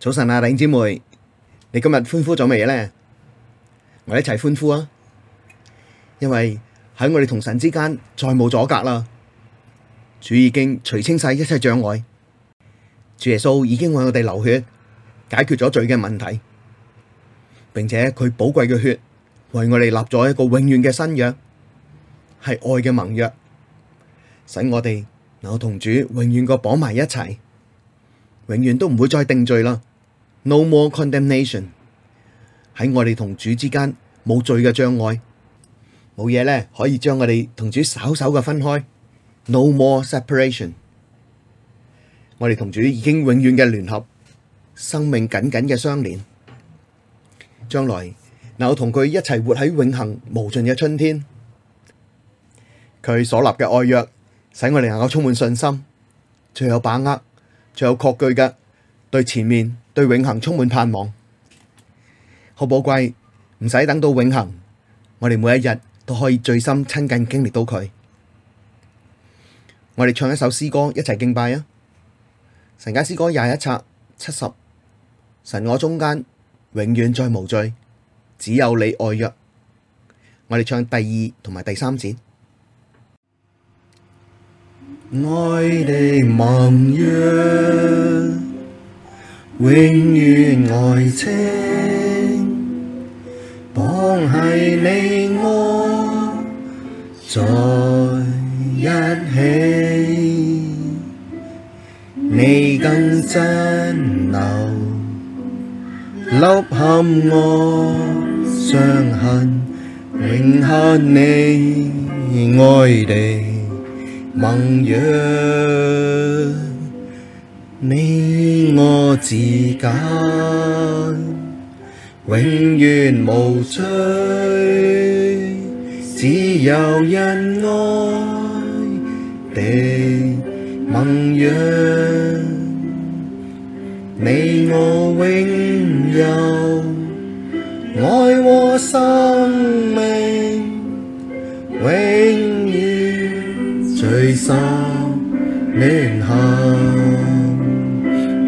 早晨啊，弟兄姊妹，你今日歡呼咗未咧？我一齊歡呼啊！因為喺我哋同神之間再冇阻隔啦。主已經除清晒一切障礙，主耶穌已經為我哋流血，解決咗罪嘅問題，並且佢寶貴嘅血為我哋立咗一個永遠嘅新約，係愛嘅盟約，使我哋能夠同主永遠個綁埋一齊，永遠都唔會再定罪啦。No more condemnation，喺我哋同主之間冇罪嘅障礙，冇嘢咧可以將我哋同主稍稍嘅分開。No more separation，我哋同主已經永遠嘅聯合，生命緊緊嘅相連。將來能同佢一齊活喺永恆無盡嘅春天。佢所立嘅愛約，使我哋能夠充滿信心，最有把握，最有確據嘅對前面，對永恒充滿盼望，好寶貴，唔使等到永恒，我哋每一日都可以最深親近經歷到佢。我哋唱一首詩歌，一齊敬拜啊！神家詩歌廿一冊七十，神我中間永遠再無罪，只有你愛約。我哋唱第二同埋第三節，愛的盟約。永遠愛情，綁繫祢我在一起，祢更珍留凹陷愛傷痕，永刻祢愛的盟約。你我之間永遠無罪，只有恩愛的盟約。你我永有愛和生命，永遠最深聯合。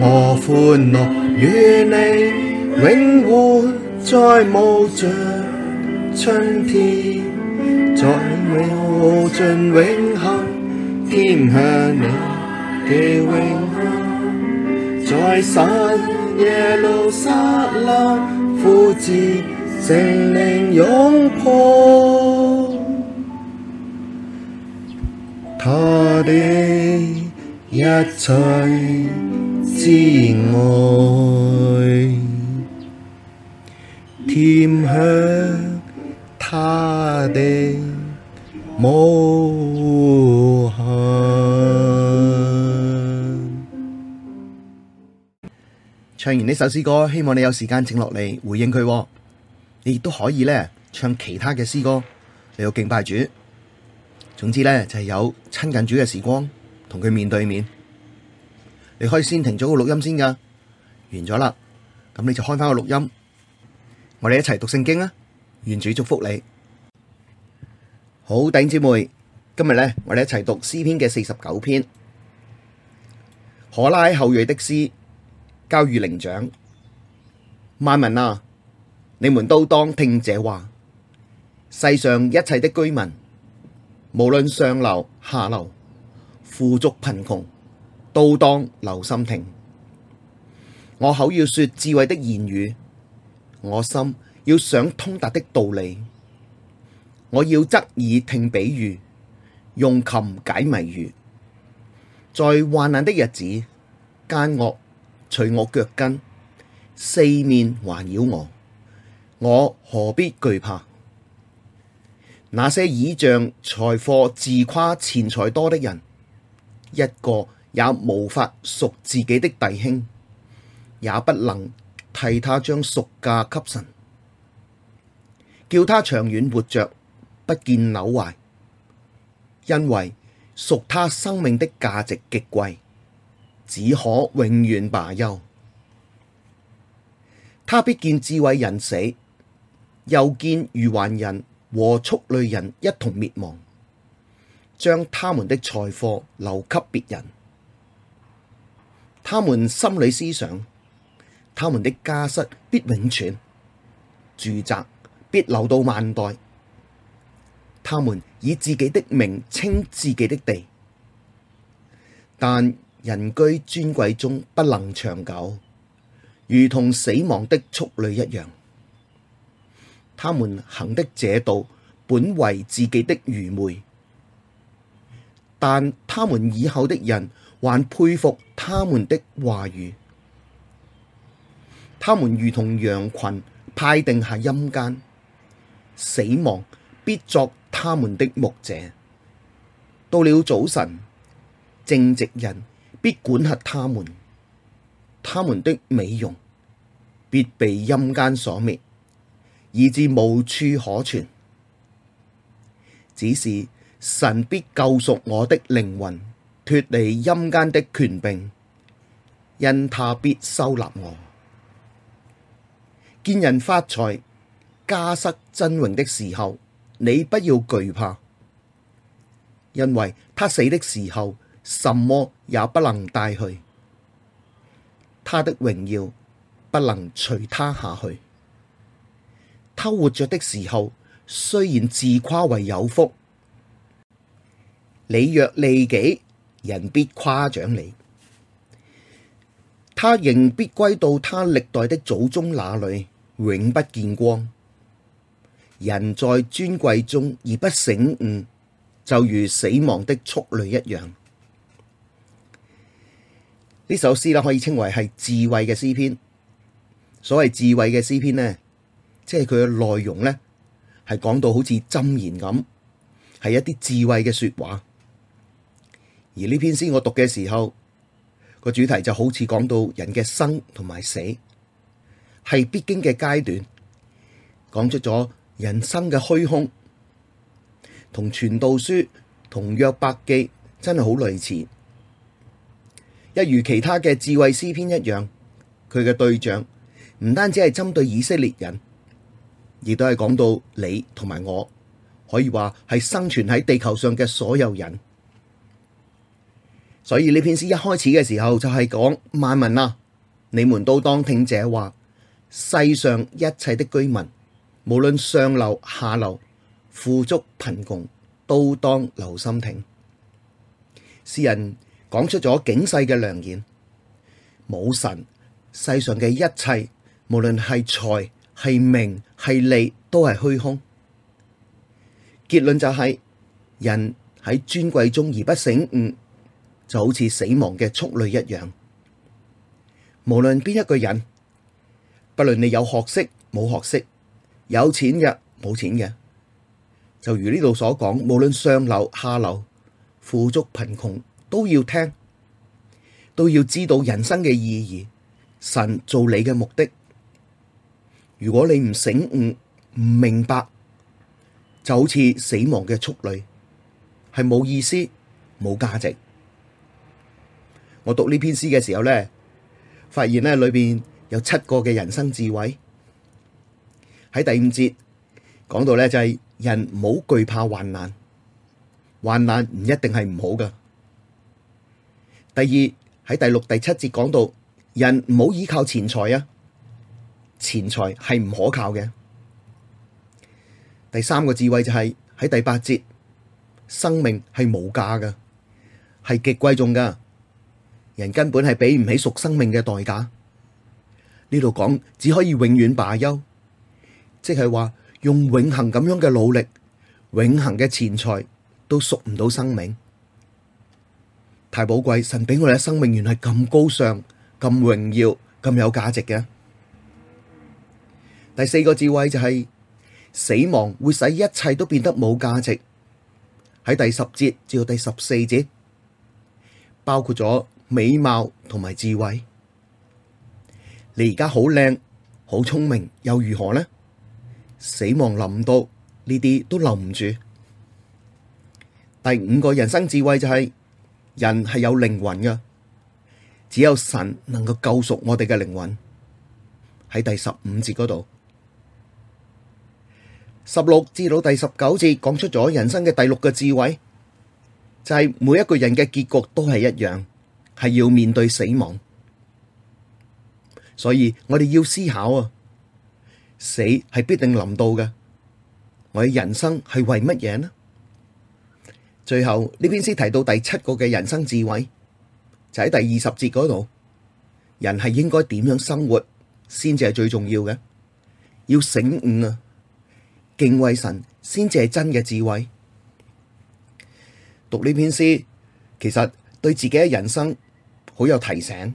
我歡樂與你，永活在無盡春天，在無盡永恒甜享你的無限，在新耶路撒冷，父子聖靈擁抱。他的一切至愛，甜享他的無限。唱完呢首詩歌，希望你有時間靜落嚟回應佢。你亦都可以咧唱其他嘅詩歌，你要敬拜主。總之咧，就係、是、有親近主嘅時光，同佢面對面。你可以先停咗個錄音先噶，完咗啦，咁你就開翻個錄音，我哋一齊讀聖經啊！願主祝福你，好弟兄姊妹，今日咧我哋一齊讀詩篇嘅四十九篇，可拉後裔的詩，交與伶長。萬民啊，你們都當聽這話，世上一切的居民。無論上流下流，富足貧窮，都當留心聽。我口要說智慧的言語，我心要想通達的道理。我要側耳聽比喻，用琴解謎語。在患難的日子，奸惡隨我腳跟，四面環繞我，我何必懼怕？那些倚仗財貨、自誇錢財多的人，一個也無法贖自己的弟兄，也不能替他將贖價給神，叫他長遠活着，不見朽壞。因為贖他生命的價值極貴，只可永遠罷休。他必見智慧人死，又見愚頑人。和畜類人一同滅亡，將他們的財貨留給別人。他們心裡思想，他們的家室必永存，住宅必留到萬代。他們以自己的名稱自己的地，但人居尊貴中不能長久，如同死亡的畜類一樣。他們行的這道本為自己的愚昧，但他們以後的人還佩服他們的話語。他們如同羊群派定下陰間，死亡必作他們的牧者。到了早晨，正直人必管轄他，他們，他們的美容必被陰間所滅。以致無處可存，只是神必救贖我的靈魂，脫離陰間的權柄，因他必收納我。見人發財、家室增榮的時候，你不要懼怕，因為他死的時候，什麼也不能帶去，他的榮耀不能隨他下去。他活着的時候，雖然自誇為有福，你若利己，人必誇獎你；他仍必歸到他歷代的祖宗那裡，永不見光。人在尊貴中而不醒悟，就如死亡的畜類一樣。呢首詩啦，可以稱為係智慧嘅詩篇。所謂智慧嘅詩篇呢？即係佢嘅內容呢，係講到好似箴言咁，係一啲智慧嘅説話。而呢篇詩我讀嘅時候，個主題就好似講到人嘅生同埋死係必經嘅階段，講出咗人生嘅虛空，同《傳道書》同《約伯記》真係好類似，一如其他嘅智慧詩篇一樣。佢嘅對象唔單止係針對以色列人。亦都係講到你同埋我，可以話係生存喺地球上嘅所有人。所以呢篇詩一開始嘅時候就係講，萬民啊，你們都當聽這話。世上一切的居民，無論上流下流，富足貧窮，都當留心聽。詩人講出咗警世嘅良言。冇神，世上嘅一切，無論係財，係名係利都係虛空，結論就係、是、人喺尊貴中而不醒悟，就好似死亡嘅畜類一樣。無論邊一個人，不論你有學識冇學識，有錢嘅冇錢嘅，就如呢度所講，無論上流下流，富足貧窮，都要聽，都要知道人生嘅意義，神做你嘅目的。如果你唔醒悟唔明白，就好似死亡嘅畜類，係冇意思冇價值。我讀呢篇詩嘅時候咧，發現咧裏邊有七個嘅人生智慧。喺第五節講到咧就係人唔好懼怕患難，患難唔一定係唔好噶。第二喺第六第七節講到，人唔好依靠錢財啊。錢財係唔可靠嘅。第三個智慧就係、是、喺第八節，生命係無價噶係極貴重噶人根本係俾唔起贖生命嘅代價。呢度講只可以永遠罷休，即係話用永恆咁樣嘅努力，永恆嘅錢財都贖唔到生命。太寶貴，神俾我哋嘅生命原係咁高尚，咁榮耀，咁有價值嘅。第四個智慧就係、是、死亡會使一切都變得冇價值，喺第十節至到第十四節，包括咗美貌同埋智慧。你而家好靚、好聰明又如何呢？死亡臨到，呢啲都留唔住。第五個人生智慧就係、是、人係有靈魂嘅，只有神能夠救贖我哋嘅靈魂，喺第十五節嗰度。十六至到第十九節講出咗人生嘅第六個智慧，就係、是、每一個人嘅結局都係一樣，係要面對死亡，所以我哋要思考啊，死係必定臨到嘅。我哋人生係為乜嘢呢？最後呢篇詩提到第七個嘅人生智慧，就喺第二十節嗰度，人係應該點樣生活先至係最重要嘅，要醒悟啊！敬畏神先至係真嘅智慧。讀呢篇詩，其實對自己嘅人生好有提醒。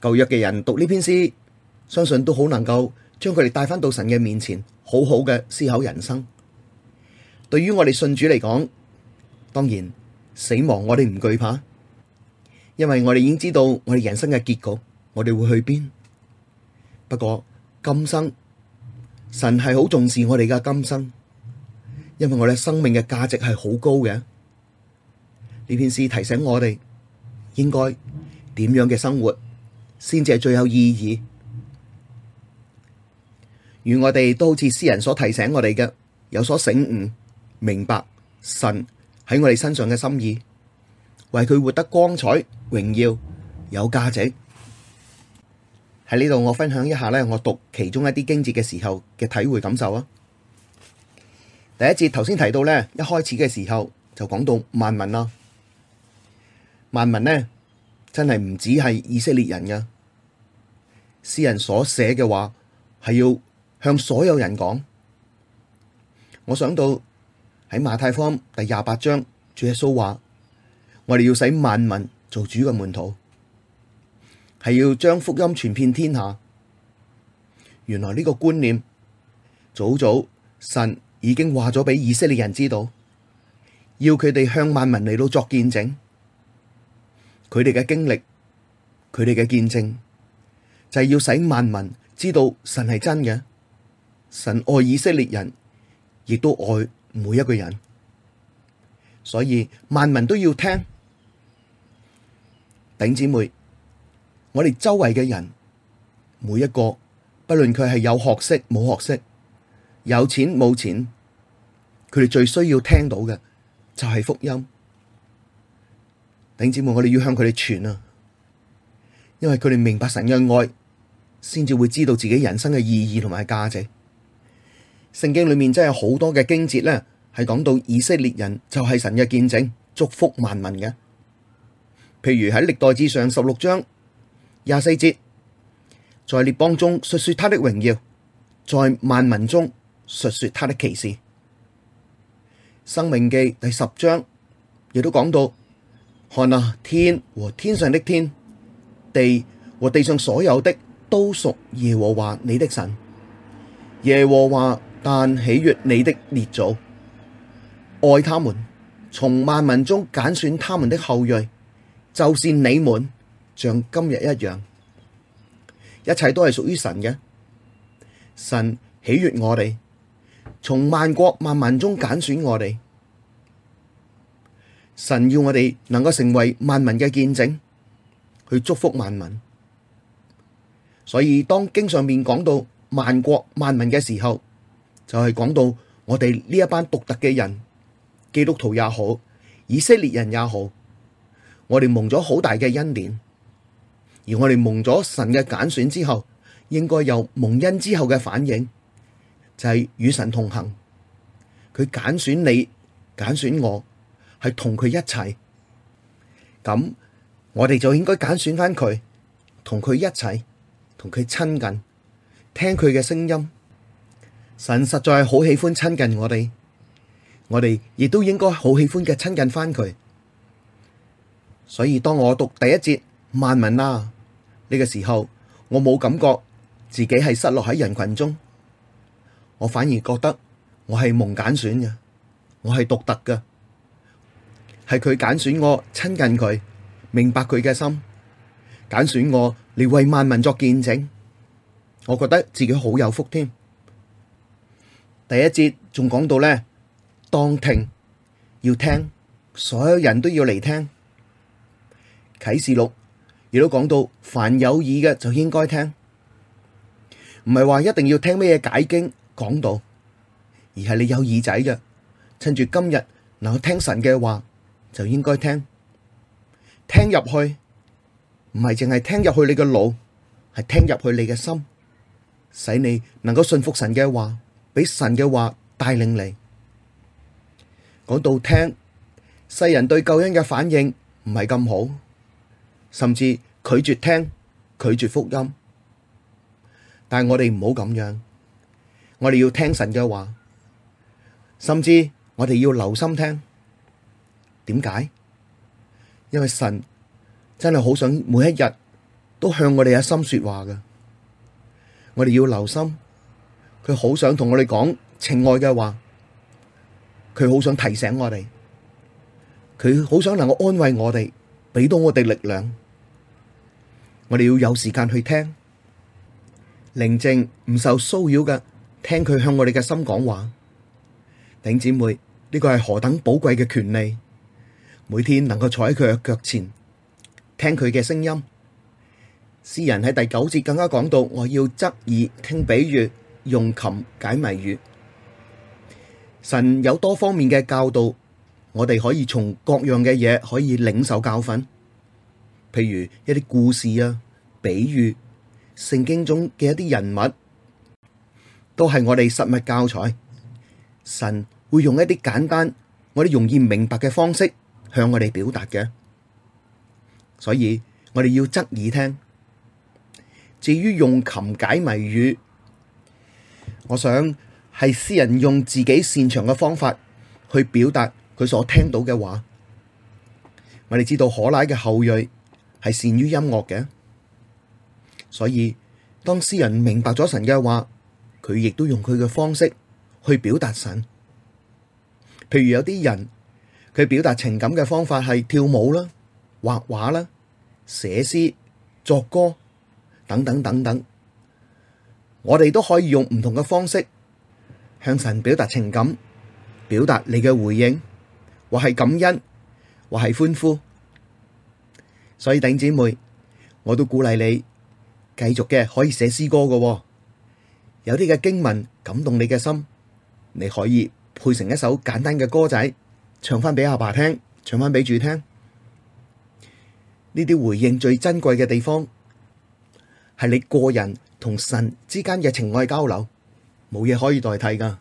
舊約嘅人讀呢篇詩，相信都好能夠將佢哋帶翻到神嘅面前，好好嘅思考人生。對於我哋信主嚟講，當然死亡我哋唔懼怕，因為我哋已經知道我哋人生嘅結局，我哋會去邊。不過今生。神係好重視我哋嘅今生，因為我哋生命嘅價值係好高嘅。呢篇詩提醒我哋應該點樣嘅生活，先至係最有意義。願我哋都好似詩人所提醒我哋嘅，有所醒悟，明白神喺我哋身上嘅心意，為佢活得光彩、榮耀、有價值。喺呢度，我分享一下咧，我讀其中一啲經節嘅時候嘅體會感受啊。第一節頭先提到咧，一開始嘅時候就講到萬民啦。萬民咧真係唔止係以色列人噶，詩人所寫嘅話係要向所有人講。我想到喺馬太福音第廿八章，主耶穌話：我哋要使萬民做主嘅門徒。係要將福音傳遍天下。原來呢個觀念，早早神已經話咗俾以色列人知道，要佢哋向萬民嚟到作見證。佢哋嘅經歷，佢哋嘅見證，就係要使萬民知道神係真嘅。神愛以色列人，亦都愛每一個人，所以萬民都要聽。頂姐妹。我哋周圍嘅人，每一個不論佢係有學識冇學識，有錢冇錢，佢哋最需要聽到嘅就係福音。弟兄姊妹，我哋要向佢哋傳啊！因為佢哋明白神嘅愛，先至會知道自己人生嘅意義同埋價值。聖經裏面真係好多嘅經節咧，係講到以色列人就係神嘅見證，祝福萬民嘅。譬如喺歷代志上十六章。廿四節，在列邦中述說他的榮耀，在萬民中述說他的奇事。申命記第十章亦都講到：看啊，天和天上的天，地和地上所有的，都屬耶和華你的神。耶和華但喜悅你的列祖，愛他們，從萬民中揀選他們的後裔，就是你們。像今日一樣，一切都係屬於神嘅。神喜悦我哋，從萬國萬民中揀選我哋。神要我哋能夠成為萬民嘅見證，去祝福萬民。所以當經上面講到萬國萬民嘅時候，就係講到我哋呢一班獨特嘅人，基督徒也好，以色列人也好，我哋蒙咗好大嘅恩典。而我哋蒙咗神嘅揀選之後，應該由蒙恩之後嘅反應，就係與神同行。佢揀選你，揀選我，係同佢一齊。咁我哋就應該揀選翻佢，同佢一齊，同佢親近，聽佢嘅聲音。神實在好喜歡親近我哋，我哋亦都應該好喜歡嘅親近翻佢。所以當我讀第一節萬民啊！呢個時候，我冇感覺自己係失落喺人群中，我反而覺得我係蒙揀選嘅，我係獨特嘅，係佢揀選我親近佢，明白佢嘅心，揀選我嚟為萬民作見證，我覺得自己好有福添。第一節仲講到呢，當聽要聽，所有人都要嚟聽啟示錄。亦都講到，凡有耳嘅就應該聽，唔係話一定要聽咩嘢解經講道，而係你有耳仔嘅，趁住今日能夠聽神嘅話就應該聽，聽入去，唔係淨係聽入去你嘅腦，係聽入去你嘅心，使你能夠信服神嘅話，俾神嘅話帶領你。講到聽，世人對救恩嘅反應唔係咁好。甚至拒絕聽、拒絕福音，但係我哋唔好咁樣，我哋要聽神嘅話，甚至我哋要留心聽。點解？因為神真係好想每一日都向我哋有心說話嘅，我哋要留心，佢好想同我哋講情愛嘅話，佢好想提醒我哋，佢好想能夠安慰我哋，俾到我哋力量。我哋要有時間去聽，寧靜唔受騷擾嘅聽佢向我哋嘅心講話，頂姊妹呢個係何等寶貴嘅權利。每天能夠坐喺佢嘅腳前，聽佢嘅聲音。詩人喺第九節更加講到，我要側耳聽比喻，用琴解謎語。神有多方面嘅教導，我哋可以從各樣嘅嘢可以領受教訓，譬如一啲故事啊。比喻聖經中嘅一啲人物，都係我哋實物教材。神會用一啲簡單、我哋容易明白嘅方式向我哋表達嘅，所以我哋要側耳聽。至於用琴解謎語，我想係詩人用自己擅長嘅方法去表達佢所聽到嘅話。我哋知道可拉嘅後裔係善於音樂嘅。所以，當詩人明白咗神嘅話，佢亦都用佢嘅方式去表達神。譬如有啲人，佢表達情感嘅方法係跳舞啦、畫畫啦、寫詩、作歌等等等等。我哋都可以用唔同嘅方式向神表達情感，表達你嘅回應或係感恩或係歡呼。所以，弟姐妹，我都鼓勵你。繼續嘅可以寫詩歌嘅喎。有啲嘅經文感動你嘅心，你可以配成一首簡單嘅歌仔唱翻俾阿爸聽，唱翻俾主聽。呢啲回應最珍貴嘅地方係你個人同神之間嘅情愛交流，冇嘢可以代替噶，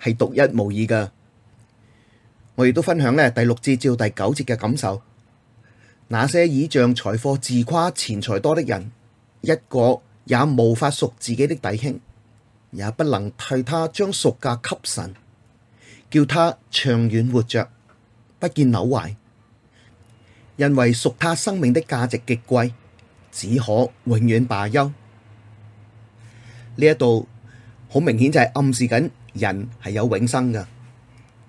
係獨一無二噶。我亦都分享呢第六節至到第九節嘅感受，那些倚仗財貨自誇錢財多的人。一個也無法贖自己的弟兄，也不能替他將贖價給神，叫他長遠活着，不見朽壞。因為贖他生命的價值極貴，只可永遠罷休。呢一度好明顯就係暗示緊人係有永生噶，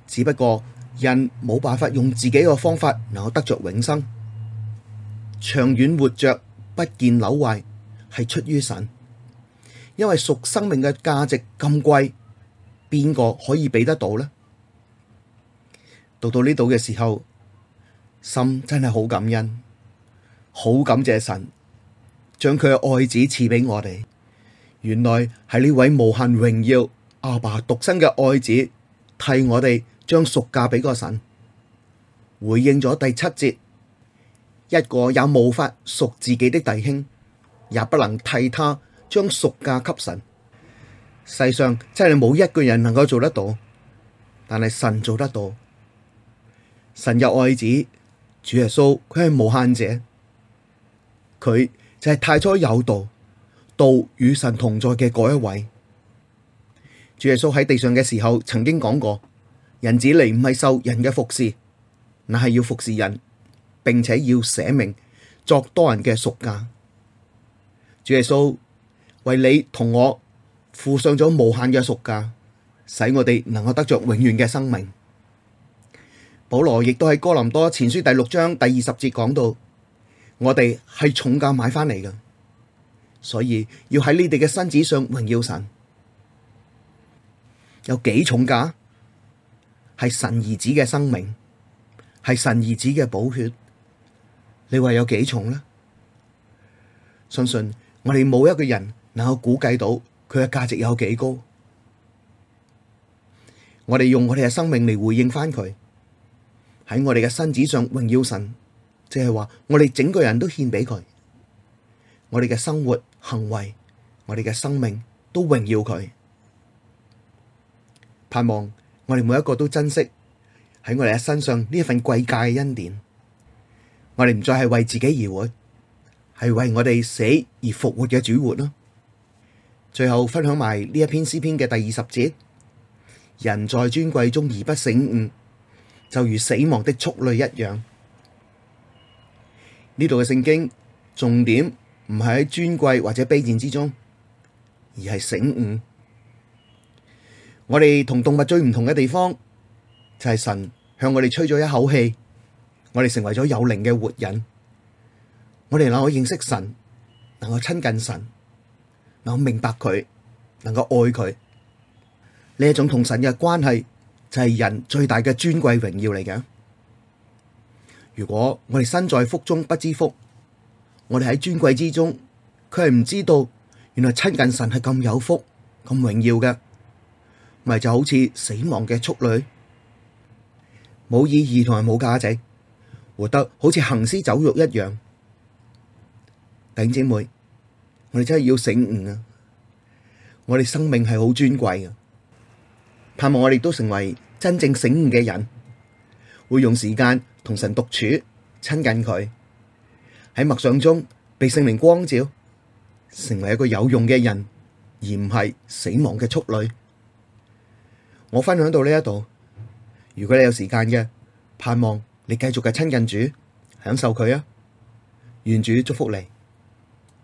只不過人冇辦法用自己個方法能夠得着永生，長遠活着，不見朽壞。係出於神，因為贖生命嘅價值咁貴，邊個可以俾得到呢？讀到呢度嘅時候，心真係好感恩，好感謝神將佢嘅愛子賜俾我哋。原來係呢位無限榮耀阿爸，爸獨生嘅愛子，替我哋將贖價俾個神，回應咗第七節。一個也無法贖自己的弟兄。也不能替他將贖價給神。世上真係冇一個人能夠做得到，但係神做得到。神有愛子，主耶穌，佢係無限者，佢就係太初有道，道與神同在嘅嗰一位。主耶穌喺地上嘅時候曾經講過：人子嚟唔係受人嘅服侍，乃係要服侍人，並且要捨命作多人嘅贖價。耶穌為你同我付上咗無限嘅贖價，使我哋能夠得着永遠嘅生命。保羅亦都喺哥林多前書第六章第二十節講到：我哋係重價買翻嚟嘅，所以要喺你哋嘅身子上榮耀神。有幾重價？係神兒子嘅生命，係神兒子嘅寶血。你話有幾重呢？相信。我哋冇一個人能夠估計到佢嘅價值有幾高。我哋用我哋嘅生命嚟回應翻佢，喺我哋嘅身子上榮耀神，即係話我哋整個人都獻畀佢。我哋嘅生活、行為、我哋嘅生命都榮耀佢。盼望我哋每一個都珍惜喺我哋嘅身上呢一份貴價嘅恩典。我哋唔再係為自己而活。係為我哋死而復活嘅主活啦。最後分享埋呢一篇詩篇嘅第二十節：「人在尊貴中而不醒悟，就如死亡的畜類一樣。」呢度嘅聖經重點唔係喺尊貴或者卑賤之中，而係醒悟。我哋同動物最唔同嘅地方，就係神向我哋吹咗一口氣，我哋成為咗有靈嘅活人。我哋能夠認識神，能夠親近神，能夠明白佢，能夠愛佢，呢一種同神嘅關係就係人最大嘅尊貴榮耀嚟嘅。如果我哋身在福中不知福，我哋喺尊貴之中，佢係唔知道原來親近神係咁有福咁榮耀嘅，咪就好似死亡嘅畜類，冇意義同埋冇價值，活得好似行屍走肉一樣。弟兄姐妹，我哋真係要醒悟啊！我哋生命係好尊貴嘅，盼望我哋都成為真正醒悟嘅人，會用時間同神獨處、親近佢，喺默想中被聖靈光照，成為一個有用嘅人，而唔係死亡嘅畜類。我分享到呢一度，如果你有時間嘅，盼望你繼續嘅親近主，享受佢啊！願主祝福你。